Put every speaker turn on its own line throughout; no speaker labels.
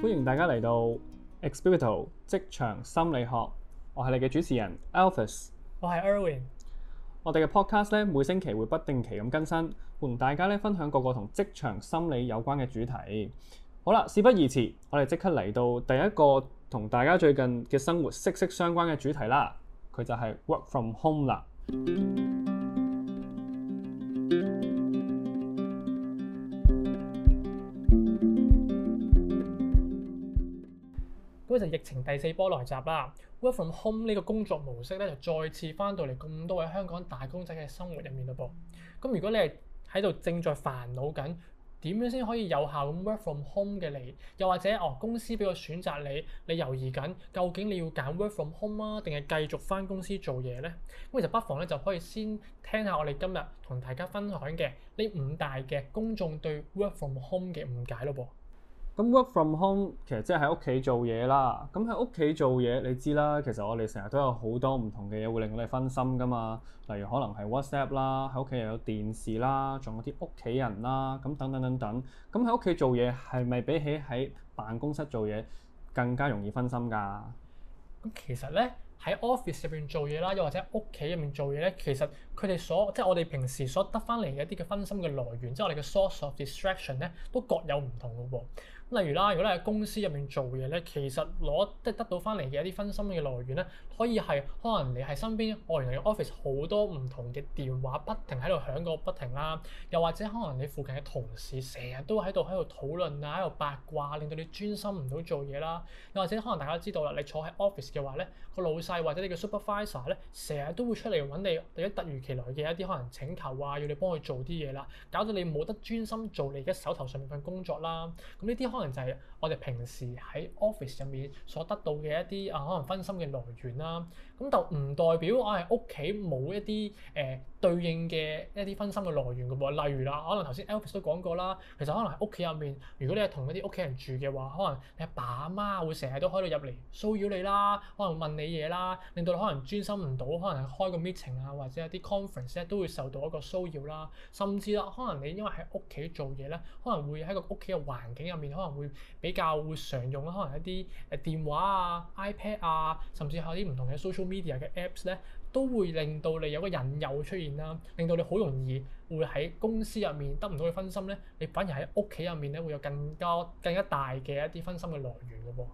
歡迎大家嚟到 Experito 職場心理學，我係你嘅主持人 Alphus，
我係 Erwin。
我哋嘅 podcast 咧每星期會不定期咁更新，會同大家咧分享各個個同職場心理有關嘅主題。好啦，事不宜遲，我哋即刻嚟到第一個同大家最近嘅生活息息相關嘅主題啦，佢就係 Work From Home 啦。
就疫情第四波來襲啦，work from home 呢個工作模式咧就再次翻到嚟咁多位香港打工仔嘅生活入面咯噃。咁如果你係喺度正在煩惱緊點樣先可以有效咁 work from home 嘅你，又或者哦公司俾我選擇你，你猶豫緊究竟你要揀 work from home 啊，定係繼續翻公司做嘢咧？咁其實不妨咧就可以先聽下我哋今日同大家分享嘅呢五大嘅公眾對 work from home 嘅誤解咯噃。
咁 work from home 其實即係喺屋企做嘢啦。咁喺屋企做嘢，你知啦，其實我哋成日都有好多唔同嘅嘢會令到你分心㗎嘛。例如可能係 WhatsApp 啦，喺屋企又有電視啦，仲有啲屋企人啦，咁等等等等。咁喺屋企做嘢係咪比起喺辦公室做嘢更加容易分心㗎？咁
其實咧喺 office 入邊做嘢啦，又或者屋企入面做嘢咧，其實。佢哋所即係我哋平時所得翻嚟嘅一啲嘅分心嘅來源，即係我哋嘅 source of distraction 咧，都各有唔同嘅噃。例如啦，如果你喺公司入面做嘢咧，其實攞即係得到翻嚟嘅一啲分心嘅來源咧，可以係可能你係身邊外人嘅 office 好多唔同嘅電話不停喺度響個不停啦，又或者可能你附近嘅同事成日都喺度喺度討論啊，喺度八卦，令到你專心唔到做嘢啦。又或者可能大家知道啦，你坐喺 office 嘅話咧，個老細或者你嘅 supervisor 咧，成日都會出嚟揾你，或者突然。其來嘅一啲可能請求啊，要你幫佢做啲嘢啦，搞到你冇得專心做你而家手頭上面份工作啦。咁呢啲可能就係我哋平時喺 office 入面所得到嘅一啲啊可能分心嘅來源啦。咁就唔代表我係屋企冇一啲誒、呃、對應嘅一啲分心嘅來源㗎。例如啦，可能頭先 Elvis 都講過啦，其實可能喺屋企入面，如果你係同一啲屋企人住嘅話，可能你阿爸阿媽會成日都開到入嚟騷擾你啦，可能會問你嘢啦，令到你可能專心唔到，可能係開個 meeting 啊，或者一啲咧都會受到一個騷擾啦，甚至啦，可能你因為喺屋企做嘢咧，可能會喺個屋企嘅環境入面可能會比較會常用啦，可能一啲誒電話啊、iPad 啊，甚至係啲唔同嘅 social media 嘅 apps 咧，都會令到你有個引誘出現啦，令到你好容易會喺公司入面得唔到嘅分心咧，你反而喺屋企入面咧會有更加更加大嘅一啲分心嘅來源嘅噃。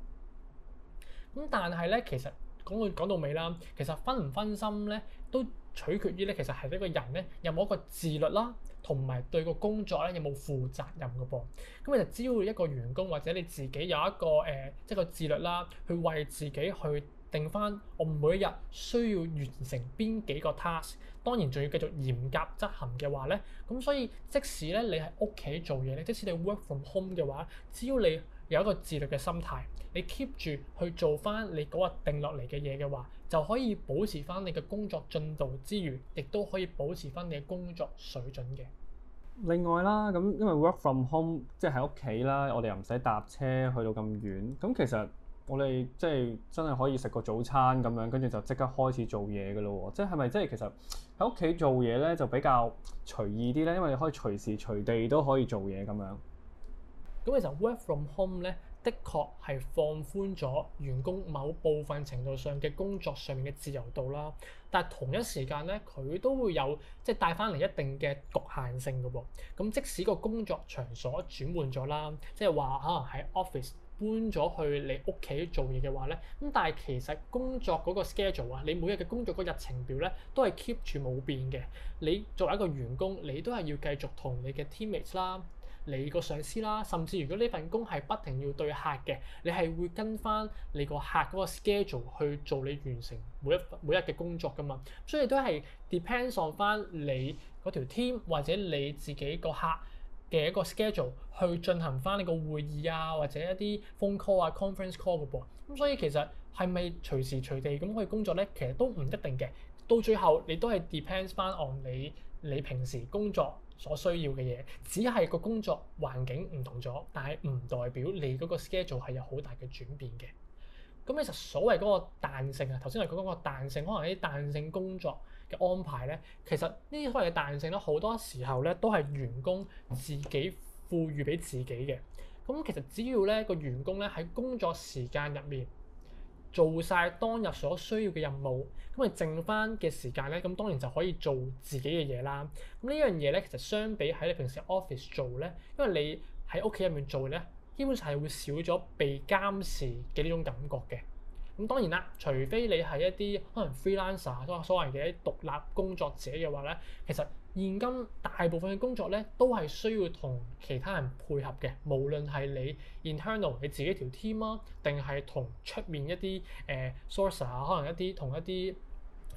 咁但係咧，其實講到講到尾啦，其實分唔分心咧都。取決於咧，其實係呢個人咧有冇一個自律啦，同埋對個工作咧有冇負責任嘅噃。咁啊，只要一個員工或者你自己有一個誒、呃、一個自律啦，去為自己去定翻我每一日需要完成邊幾個 task。當然仲要繼續嚴格執行嘅話咧，咁所以即使咧你喺屋企做嘢咧，即使你 work from home 嘅話，只要你有一個自律嘅心態，你 keep 住去做翻你嗰日定落嚟嘅嘢嘅話。就可以保持翻你嘅工作進度之餘，亦都可以保持翻你嘅工作水準嘅。
另外啦，咁因為 work from home 即係喺屋企啦，我哋又唔使搭車去到咁遠。咁其實我哋即係真係可以食個早餐咁樣，跟住就即刻開始做嘢㗎咯。即係咪即係其實喺屋企做嘢咧，就比較隨意啲咧，因為你可以隨時隨地都可以做嘢咁樣。
咁其實 work from home 咧。的確係放寬咗員工某部分程度上嘅工作上面嘅自由度啦，但係同一時間咧，佢都會有即係帶翻嚟一定嘅局限性㗎喎、哦。咁即使個工作場所轉換咗啦，即係話可能喺 office 搬咗去你屋企做嘢嘅話咧，咁但係其實工作嗰個 schedule 啊，你每日嘅工作個日程表咧都係 keep 住冇變嘅。你作為一個員工，你都係要繼續同你嘅 teammate 啦。你個上司啦，甚至如果呢份工係不停要對客嘅，你係會跟翻你個客嗰個 schedule 去做你完成每一每一嘅工作㗎嘛，所以都係 depends on 翻你嗰條 team 或者你自己個客嘅一個 schedule 去進行翻你個會議啊，或者一啲 phone call 啊、conference call 嘅噃，咁所以其實係咪隨時隨地咁去工作咧？其實都唔一定嘅，到最後你都係 depends 翻 on 你你平時工作。所需要嘅嘢，只係個工作環境唔同咗，但係唔代表你嗰個 schedule 係有好大嘅轉變嘅。咁其實所謂嗰個彈性啊，頭先我講嗰個彈性，可能啲彈性工作嘅安排咧，其實呢啲所謂嘅彈性咧，好多時候咧都係員工自己賦予俾自己嘅。咁其實只要咧個員工咧喺工作時間入面，做晒當日所需要嘅任務，咁咪剩翻嘅時間咧，咁當然就可以做自己嘅嘢啦。咁呢樣嘢咧，其實相比喺你平時 office 做咧，因為你喺屋企入面做咧，基本上係會少咗被監視嘅呢種感覺嘅。咁當然啦，除非你係一啲可能 freelancer，所所謂嘅一啲獨立工作者嘅話咧，其實現今大部分嘅工作咧都係需要同其他人配合嘅，無論係你 internal 你自己條 team 啊，定係同出面一啲誒、呃、source 啊，可能一啲同一啲誒、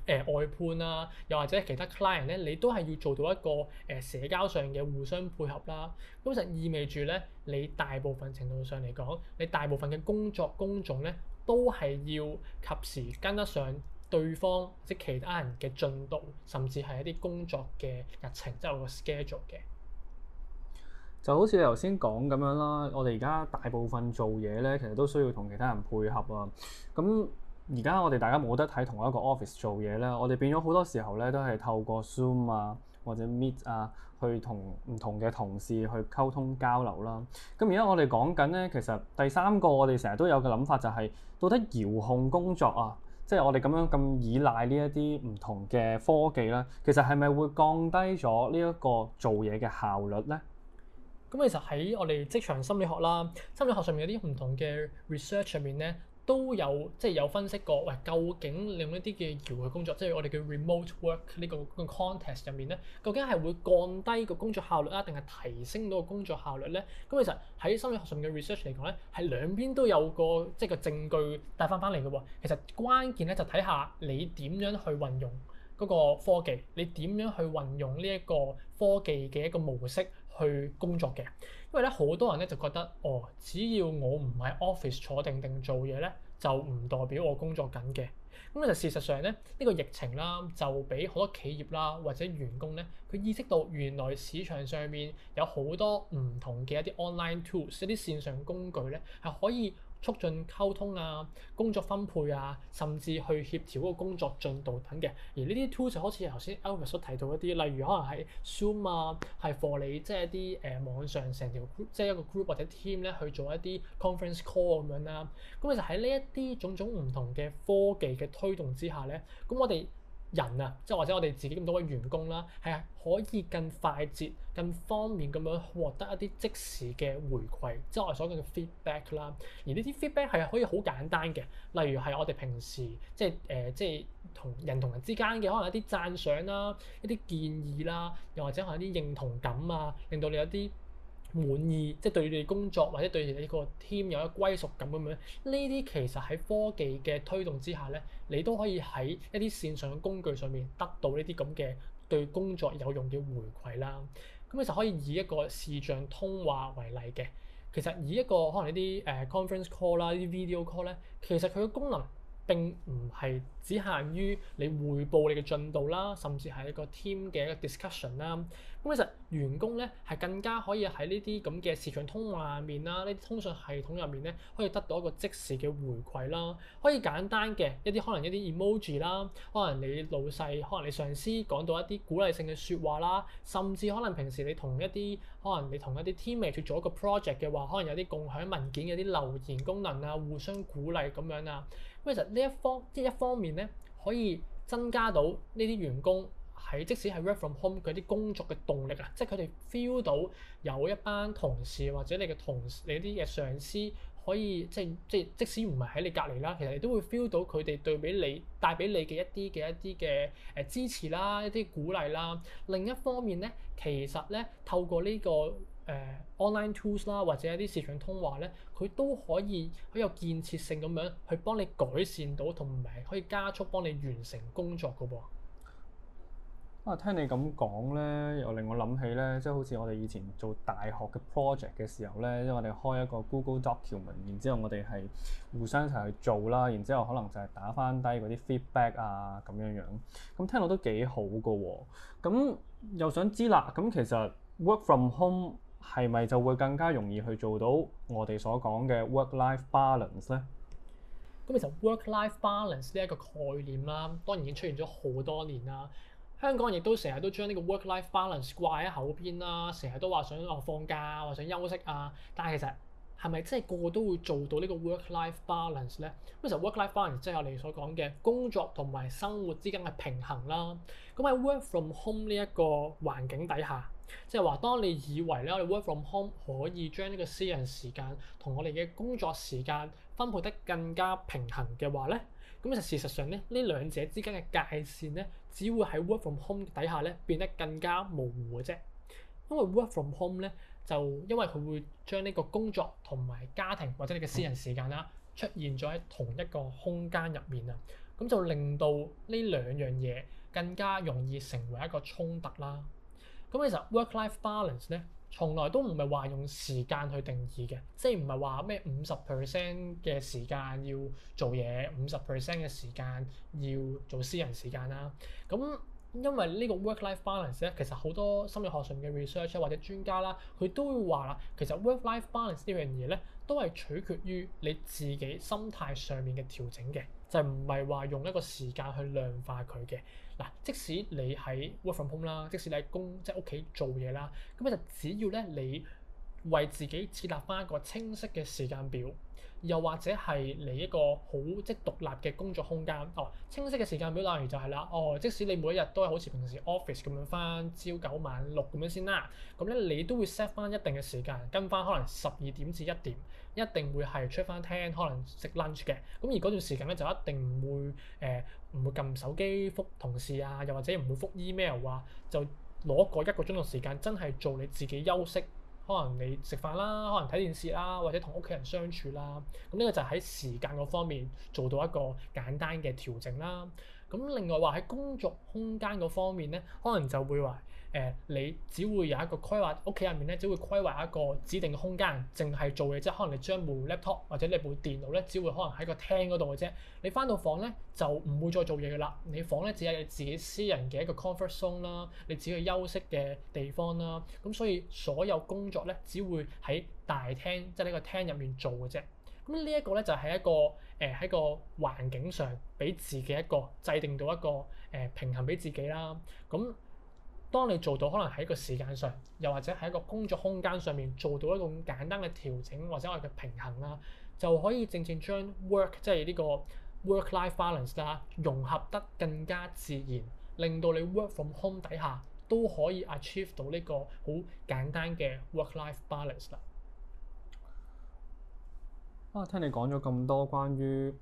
呃、外判啊，又或者其他 client 咧，你都係要做到一個誒、呃、社交上嘅互相配合啦。咁就意味住咧，你大部分程度上嚟講，你大部分嘅工作工種咧，都係要及時跟得上對方即其他人嘅進度，甚至係一啲工作嘅日程，即我個 schedule 嘅。
就好似你頭先講咁樣啦，我哋而家大部分做嘢咧，其實都需要同其他人配合啊。咁而家我哋大家冇得喺同一個 office 做嘢咧，我哋變咗好多時候咧，都係透過 Zoom 啊。或者 meet 啊，去同唔同嘅同事去溝通交流啦。咁而家我哋講緊咧，其實第三個我哋成日都有嘅諗法就係、是、到底遙控工作啊，即係我哋咁樣咁依賴呢一啲唔同嘅科技啦、啊，其實係咪會降低咗呢一個做嘢嘅效率咧？
咁其實喺我哋職場心理學啦，心理學上面有啲唔同嘅 research 上面咧。都有即係、就是、有分析過，喂，究竟另一啲嘅遙嘅工作，即係我哋嘅 remote work 呢個嘅 context 入面咧，究竟係會降低個工作效率啦，定係提升到個工作效率咧？咁其實喺心理學上面嘅 research 嚟講咧，係兩邊都有個即係、就是、個證據帶翻翻嚟嘅喎。其實關鍵咧就睇、是、下你點樣去運用嗰個科技，你點樣去運用呢一個科技嘅一個模式。去工作嘅，因為咧好多人咧就覺得，哦，只要我唔喺 office 坐定定做嘢咧，就唔代表我工作緊嘅。咁咧就事實上咧，呢個疫情啦，就俾好多企業啦或者員工咧，佢意識到原來市場上面有好多唔同嘅一啲 online tools，一啲線上工具咧係可以。促進溝通啊、工作分配啊，甚至去協調個工作進度等嘅。而呢啲 tool 就好似頭先 Elvis 所提到一啲，例如可能係 Zoom 啊，係 for 你即係啲誒網上成條即係一個 group 或者 team 咧去做一啲 conference call 咁樣啦。咁其實喺呢一啲種種唔同嘅科技嘅推動之下咧，咁我哋。人啊，即係或者我哋自己咁多嘅員工啦，係可以更快捷、更方便咁樣獲得一啲即時嘅回饋，即係我哋所講嘅 feedback 啦。而呢啲 feedback 係可以好簡單嘅，例如係我哋平時即係誒、呃、即係同人同人之間嘅，可能一啲讚賞啦、啊、一啲建議啦、啊，又或者係一啲認同感啊，令到你有啲。滿意即係、就是、對你工作或者對你呢個 team 有一歸屬感咁樣，呢啲其實喺科技嘅推動之下咧，你都可以喺一啲線上工具上面得到呢啲咁嘅對工作有用嘅回饋啦。咁你就可以以一個視像通話為例嘅，其實以一個可能呢啲誒 conference call 啦，啲 video call 咧，其實佢嘅功能並唔係。只限於你匯報你嘅進度啦，甚至係一個 team 嘅一個 discussion 啦。咁其實員工咧係更加可以喺呢啲咁嘅視像通話入面啦，呢啲通訊系統入面咧，可以得到一個即時嘅回饋啦。可以簡單嘅一啲可能一啲 emoji 啦，可能你老細可能你上司講到一啲鼓勵性嘅說話啦，甚至可能平時你同一啲，可能你同一啲 team 去做一個 project 嘅話可能有啲共享文件嘅啲留言功能啊，互相鼓勵咁樣啊。咁其實呢一方即係一方面。咧可以增加到呢啲員工喺即使係 work from home 佢啲工作嘅動力啊，即係佢哋 feel 到有一班同事或者你嘅同事，你啲嘅上司可以即係即係即使唔係喺你隔離啦，其實你都會 feel 到佢哋對俾你帶俾你嘅一啲嘅一啲嘅誒支持啦，一啲鼓勵啦。另一方面咧，其實咧透過呢個。誒、uh, online tools 啦，或者一啲市像通話咧視像通話，佢都可以好有建設性咁樣去幫你改善到，同埋可以加速幫你完成工作噶噃。
啊，聽你咁講咧，又令我諗起咧，即、就、係、是、好似我哋以前做大學嘅 project 嘅時候咧，即、就、係、是、我哋開一個 Google document 然之後我哋係互相一齊去做啦，然之後可能就係打翻低嗰啲 feedback 啊咁樣樣。咁、嗯、聽落都幾好噶喎、啊。咁、嗯、又想知啦，咁、嗯、其實 work from home 係咪就會更加容易去做到我哋所講嘅 work-life balance 咧？
咁其實 work-life balance 呢一個概念啦，當然已經出現咗好多年啦。香港人亦都成日都將呢個 work-life balance 掛喺口邊啦，成日都話想放假，話想休息啊。但係其實係咪真係個個都會做到呢個 work-life balance 咧？咁其實 work-life balance 即係我哋所講嘅工作同埋生活之間嘅平衡啦。咁喺 work from home 呢一個環境底下。即係話，當你以為咧，我哋 work from home 可以將呢個私人時間同我哋嘅工作時間分配得更加平衡嘅話咧，咁其實事實上咧，呢兩者之間嘅界線咧，只會喺 work from home 底下咧變得更加模糊嘅啫。因為 work from home 咧，就因為佢會將呢個工作同埋家庭或者你嘅私人時間啦，出現咗喺同一個空間入面啊，咁就令到呢兩樣嘢更加容易成為一個衝突啦。咁其實 work life balance 咧，從來都唔係話用時間去定義嘅，即係唔係話咩五十 percent 嘅時間要做嘢，五十 percent 嘅時間要做私人時間啦。咁因為呢個 work life balance 咧，其實好多心理學上嘅 researcher 或者專家啦，佢都會話啦，其實 work life balance 呢樣嘢咧，都係取決於你自己心態上面嘅調整嘅。就唔係話用一個時間去量化佢嘅嗱，即使你喺 Work from Home 啦，即使你喺公即係屋企做嘢啦，咁就只要咧你，為自己設立翻一個清晰嘅時間表，又或者係嚟一個好即係獨立嘅工作空間。哦，清晰嘅時間表例如就係、是、啦，哦，即使你每一日都係好似平時 office 咁樣翻朝九晚六咁樣先啦，咁咧你都會 set 翻一定嘅時間，跟翻可能十二點至一點，一定會係出翻廳，可能食 lunch 嘅。咁而嗰段時間咧就一定唔會誒唔、呃、會撳手機覆同事啊，又或者唔會覆 email 啊，就攞過一個鐘嘅時，時間真係做你自己休息。可能你食飯啦，可能睇電視啦，或者同屋企人相處啦，咁呢個就係喺時間嗰方面做到一個簡單嘅調整啦。咁另外話喺工作空間嗰方面咧，可能就會話誒、呃，你只會有一個規劃，屋企入面咧只會規劃一個指定嘅空間，淨係做嘢啫。可能你將部 laptop 或者你部電腦咧，只會可能喺個廳嗰度嘅啫。你翻到房咧就唔會再做嘢嘅啦。你房咧只係你自己私人嘅一個 comfort zone 啦，你自己休息嘅地方啦。咁所以所有工作咧只會喺大廳，即係呢個廳入面做嘅啫。咁呢一個咧就係一個誒喺個環境上俾自己一個制定到一個誒、呃、平衡俾自己啦。咁、嗯、當你做到可能喺個時間上，又或者喺個工作空間上面做到一個簡單嘅調整或者我哋嘅平衡啦，就可以正正將 work 即係呢個 work-life balance 啦，融合得更加自然，令到你 work from home 底下都可以 achieve 到呢個好簡單嘅 work-life balance 啦。
啊！聽你講咗咁多關於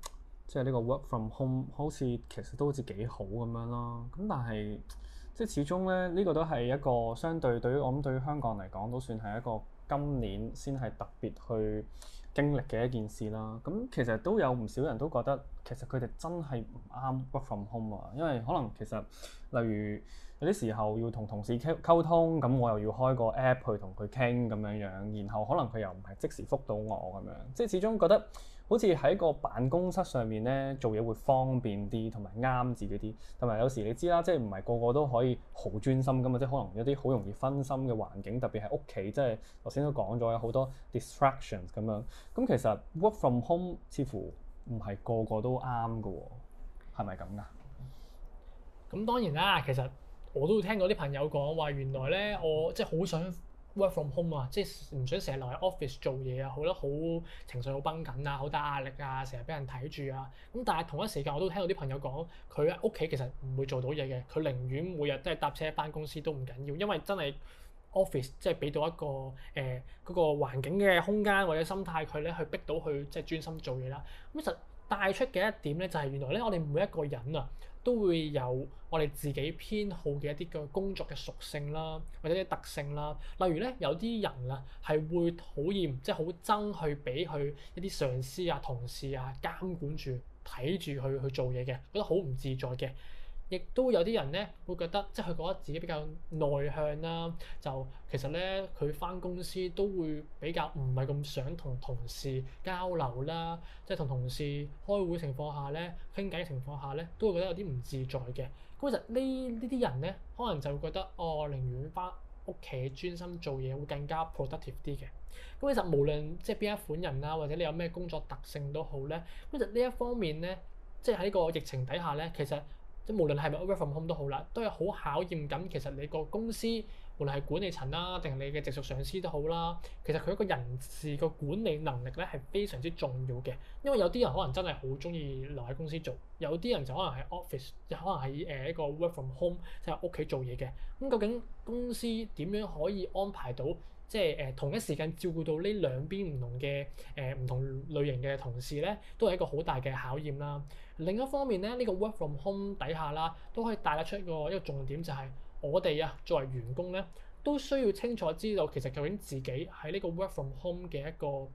即係呢個 work from home，好似其實都好似幾好咁樣啦。咁但係即係始終咧，呢個都係一個相對對於我諗對於香港嚟講，都算係一個今年先係特別去經歷嘅一件事啦。咁其實都有唔少人都覺得，其實佢哋真係唔啱 work from home 啊，因為可能其實例如。有啲時候要同同事溝通，咁我又要開個 app 去同佢傾咁樣樣，然後可能佢又唔係即時覆到我咁樣，即係始終覺得好似喺個辦公室上面咧做嘢會方便啲同埋啱自己啲，同埋有，有時你知啦，即係唔係個個都可以好專心噶嘛，即係可能有啲好容易分心嘅環境，特別係屋企，即係頭先都講咗有好多 distractions 咁樣，咁其實 work from home 似乎唔係個個都啱嘅喎，係咪咁噶？
咁當然啦，其實。我都會聽到啲朋友講話，原來咧我即係好想 work from home 啊，即係唔想成日留喺 office 做嘢啊，好得好情緒好崩緊啊，好大壓力啊，成日俾人睇住啊。咁但係同一時間我都聽到啲朋友講，佢喺屋企其實唔會做到嘢嘅，佢寧願每日都係搭車返公司都唔緊要，因為真係 office 即係俾到一個誒嗰個環境嘅空間或者心態，佢咧去逼到去即係專心做嘢啦。咁實帶出嘅一點咧就係原來咧我哋每一個人啊～都會有我哋自己偏好嘅一啲嘅工作嘅屬性啦，或者啲特性啦。例如咧，有啲人啊係會討厭，即係好憎去俾佢一啲上司啊、同事啊監管住睇住佢去做嘢嘅，覺得好唔自在嘅。亦都有啲人咧會覺得，即係佢覺得自己比較內向啦、啊。就其實咧，佢返公司都會比較唔係咁想同同事交流啦、啊。即係同同事開會情況下咧，傾偈情況下咧，都會覺得有啲唔自在嘅。咁其實呢呢啲人咧，可能就會覺得哦，我寧願返屋企專心做嘢，會更加 productive 啲嘅。咁其實無論即係邊一款人啦、啊，或者你有咩工作特性都好咧，咁其實呢一方面咧，即係喺個疫情底下咧，其實。即係無論係咪 work from home 都好啦，都係好考驗緊。其實你個公司，無論係管理層啦，定係你嘅直屬上司都好啦，其實佢一個人事個管理能力咧係非常之重要嘅。因為有啲人可能真係好鍾意留喺公司做，有啲人就可能係 office，又可能係誒一個 work from home，即係屋企做嘢嘅。咁究竟公司點樣可以安排到？即係誒、呃、同一時間照顧到呢兩邊唔同嘅誒唔同類型嘅同事咧，都係一個好大嘅考驗啦。另一方面咧，呢、呢個 work from home 底下啦，都可以帶得出一個一個重點，就係，就係我哋啊作為員工咧，都需要清楚知道其實究竟自己喺呢個 work from home 嘅一個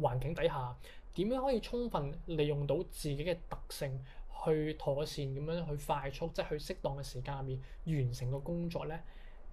環境底下，點樣可以充分利用到自己嘅特性，去妥善咁樣去快速即係去適當嘅時間入面完成個工作咧。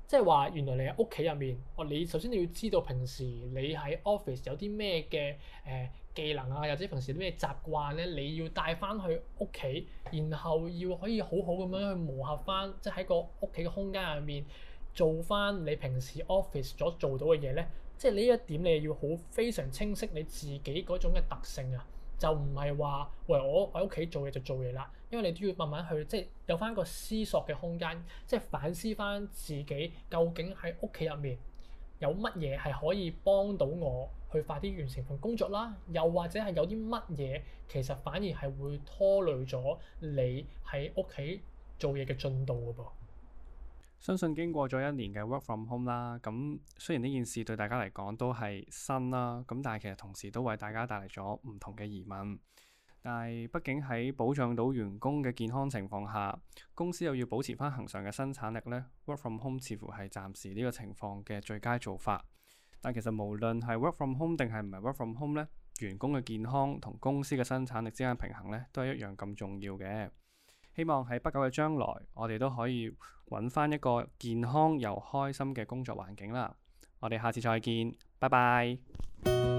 即係話，原來你喺屋企入面，我你首先你要知道平時你喺 office 有啲咩嘅誒技能啊，又或者平時有啲咩習慣咧，你要帶翻去屋企，然後要可以好好咁樣去磨合翻，即係喺個屋企嘅空間入面做翻你平時 office 所做到嘅嘢咧。即係呢一點你要好非常清晰你自己嗰種嘅特性啊。就唔係話，喂我喺屋企做嘢就做嘢啦，因為你都要慢慢去，即係有翻個思索嘅空間，即係反思翻自己究竟喺屋企入面有乜嘢係可以幫到我，去快啲完成份工作啦。又或者係有啲乜嘢，其實反而係會拖累咗你喺屋企做嘢嘅進度嘅噃。
相信經過咗一年嘅 work from home 啦，咁雖然呢件事對大家嚟講都係新啦，咁但係其實同時都為大家帶嚟咗唔同嘅疑問。但係畢竟喺保障到員工嘅健康情況下，公司又要保持翻恒常嘅生產力呢，work from home 似乎係暫時呢個情況嘅最佳做法。但其實無論係 work from home 定係唔係 work from home 呢，員工嘅健康同公司嘅生產力之間嘅平衡呢，都係一樣咁重要嘅。希望喺不久嘅將來，我哋都可以揾返一個健康又開心嘅工作環境啦！我哋下次再見，拜拜。